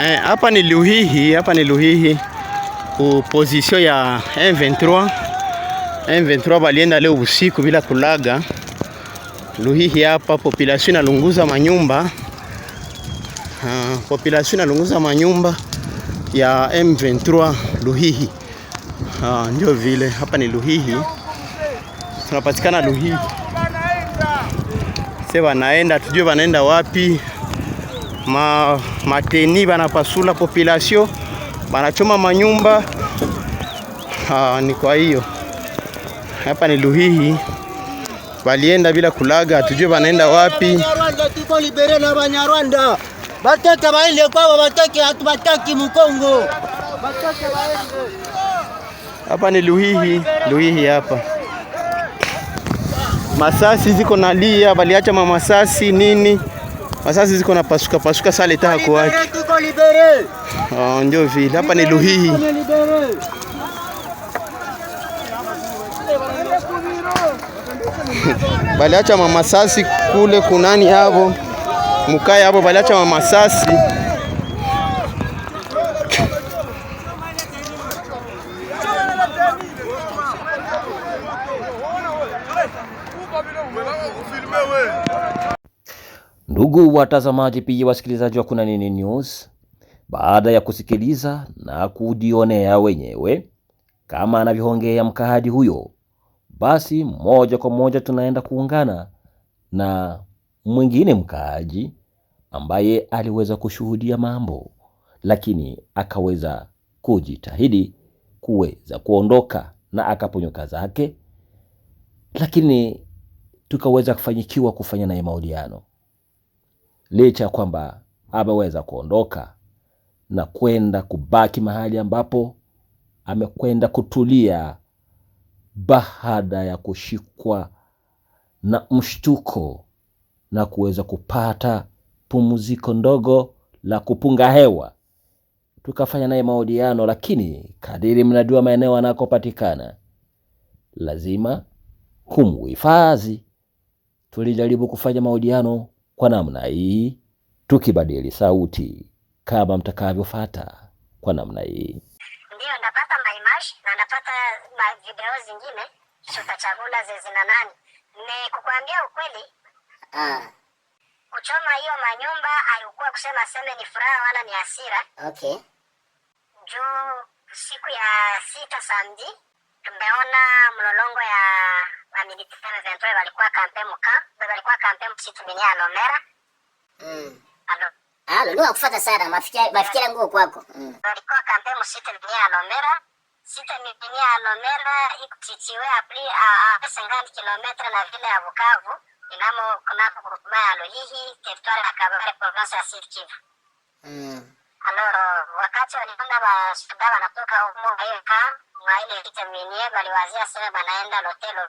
Eh, hapa ni Luhihi, hapa ni Luhihi ku position ya M23. M23 balienda leo usiku bila kulaga. Luhihi hapa population inalunguza manyumba uh, population inalunguza manyumba ya M23 Luhihi. Uh, ndio vile hapa ni Luhihi, tunapatikana Luhihi. Se wanaenda tujue wanaenda wapi? ma mateni banapasula population banachoma manyumba. Aa, ah, ni kwa hiyo hapa ni Luhihi, walienda bila kulaga, hatujue wanaenda wapi. Tuko libere na Banyarwanda bateke baende kwao, batoke hatubataki Mkongo, batoke baende. Hapa ni Luhihi, Luhihi hapa masasi ziko nalia, baliacha mamasasi nini masasi ziko na pasuka pasuka sale tako wake. Oh, ndio vile. Hapa ni Luhihi. Baliacha mama sasi kule kunani hapo. mukae hapo baliacha mama sasi. Ndugu watazamaji pia wasikilizaji wa Kuna Nini News, baada ya kusikiliza na kujionea wenyewe kama anavyoongea mkaaji huyo, basi moja kwa moja tunaenda kuungana na mwingine mkaaji ambaye aliweza kushuhudia mambo, lakini akaweza kujitahidi kuweza kuondoka na akaponyoka zake, lakini tukaweza kufanyikiwa kufanya naye mahojiano licha ya kwamba ameweza kuondoka na kwenda kubaki mahali ambapo amekwenda kutulia baada ya kushikwa na mshtuko na kuweza kupata pumziko ndogo la kupunga hewa. Tukafanya naye mahojiano, lakini kadiri mnajua maeneo anakopatikana lazima kumhifadhi. Tulijaribu kufanya mahojiano kwa namna hii tukibadili sauti kama mtakavyofata kwa namna hii ndio napata maimash na napata video zingine za chakula zina nani. Ni kukuambia ukweli ah. Kuchoma hiyo manyumba haikuwa kusema seme ni furaha wala ni hasira. Okay. Juu siku ya sita samedi tumeona mlolongo ya amilikiana zentwe balikuwa kampe muka balikuwa kampe msitumini alomera mm. Alo. Alo, ndio akufata sana mafikira mafikira nguo kwako. Mm. Balikuwa kampe msitu ni alomera sita ni ni alomera ikutichiwe apli a a sangani na vile ya Bukavu inamo kuna kuruma alo hihi territoire ya Kabare province ya Sud Kivu. Mm. Aloro wakati waliona ba suda wanatoka huko hiyo kama mwa ile vitaminie baliwazia sana banaenda lotelo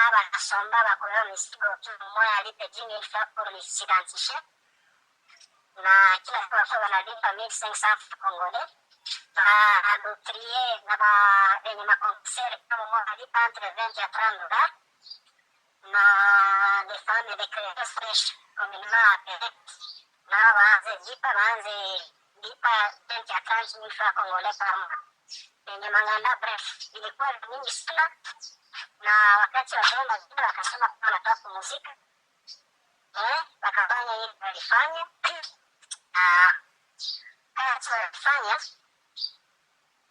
abasomba bakubera omuyisigo kyomwalipe gingeife omusigantishe na kila siku wakiwa wanalipa mil cinq cent congolais baadutrie na benye makonsere kama mwalipa entre vingt ya tran dolar na defame dekrete fresh kominema aperet na baanze jipa baanze lipa vingt ya tranche mil fra congolais par mois yenye magamba brefu ilikuwa mingi sana, na wakati wakaenda vile wakasema kuwa wanataka kumuzika eh, wakafanya hili walifanya kati walifanya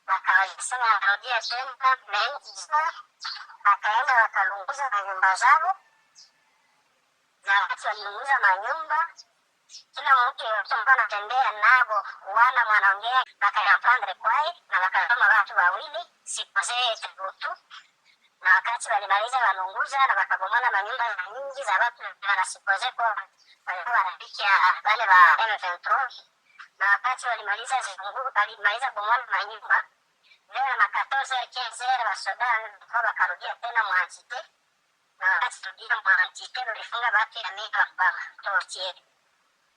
wakawasema wanarudia tena na hii jina, wakaenda wakalunguza manyumba zao, na wakati walilunguza manyumba kila mtu anatembea nabo, wana wanaongea wakayapanga kwaye na wakakama watu wawili sikosee tubutu, na wakati walimaliza wanunguza na wakabomana manyumba nyingi za watu wanasikosee kwa walikuwa wanapikia wale wa M23, na wakati walimaliza zungu walimaliza bomana manyumba vile makatoza kezera wasoda kwa wakarudia tena mwantite na wakati tudia mwantite walifunga watu ya mimi kwa mtoro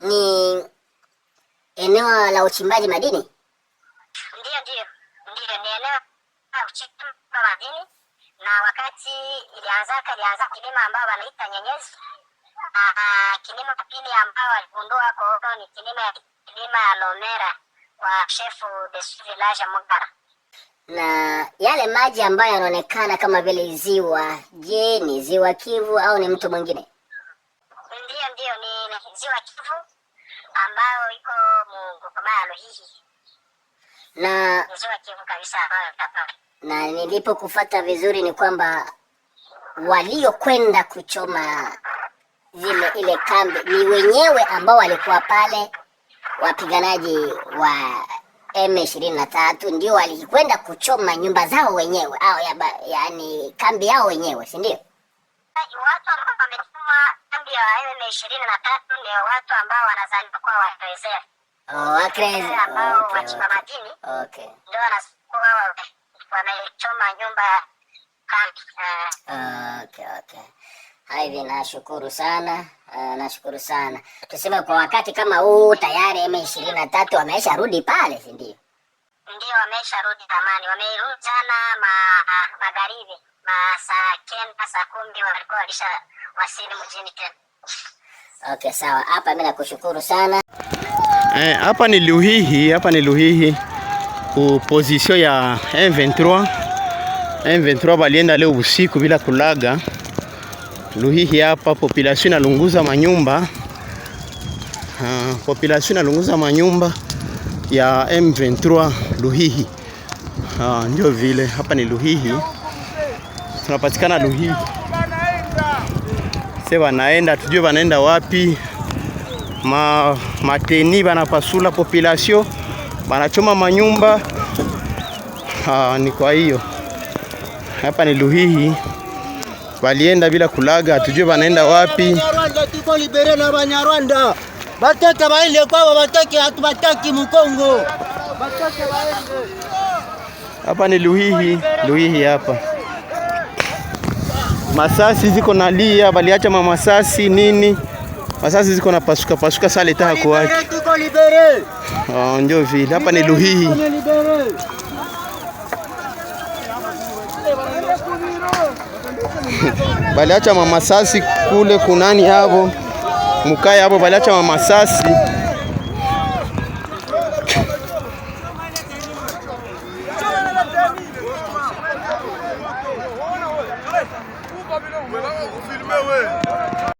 ni eneo la uchimbaji madini? Ndio, ndio, ndio, ni eneo la uchimbaji madini, na wakati ilianzaka ilianza kilimo ambao wanaita nyenyezi na kilimo kipindi ambao waligundua kwa ni kilimo ya kilima ya Lomera kwa shefu Desu Village Mugara. Na yale maji ambayo yanaonekana kama vile ziwa, je, ni ziwa Kivu au ni mtu mwingine? Ndio, ndio ni ziwa Kivu na na nilipokufata vizuri ni kwamba waliokwenda kuchoma zile ile kambi ni wenyewe ambao walikuwa pale, wapiganaji wa M23 ndio walikwenda kuchoma nyumba zao wenyewe au ya, yaani kambi yao wenyewe, si ndio? idadi ya waeme ishirini na tatu ni watu ambao wanazaliwa kuwa waelezea oh, ambao wachimba madini ndio wanakuwa wamechoma nyumba ya kambi. Ah, okay, okay. Hivi nashukuru sana uh, nashukuru sana tuseme, kwa wakati kama huu tayari M ishirini na tatu wameisha rudi pale, si ndio? Ndio, wameisha rudi zamani, wamerudi jana ma, magharibi masaa kenda saa kumi walikuwa walisha Okay, sawa. Hapa mimi nakushukuru sana. Eh, hapa ni Luhihi, hapa ni Luhihi ku position ya M23. M23 balienda leo usiku bila kulaga. Luhihi hapa population inalunguza manyumba. Uh, population inalunguza manyumba ya M23 Luhihi. Uh, ndio vile hapa ni Luhihi. Tunapatikana Luhihi se wanaenda tujue wanaenda wapi. Ma, mateni wanapasula population wanachoma manyumba. Aa, ah, ni kwa hiyo hapa ni Luhihi walienda bila kulaga, hatujue wanaenda wapi. Tuko libere na Banyarwanda baende kwao, bateke hatubataki Mkongo, baende. Hapa ni Luhihi, Luhihi hapa Masasi ziko lia, baliacha mama masasi nini? Masasi ziko na pasuka pasuka, sale ta hako Oh, ndio vile hapa ni Luhihi. Baliacha mama masasi kule kunani hapo. Mukaya hapo baliacha mama masasi.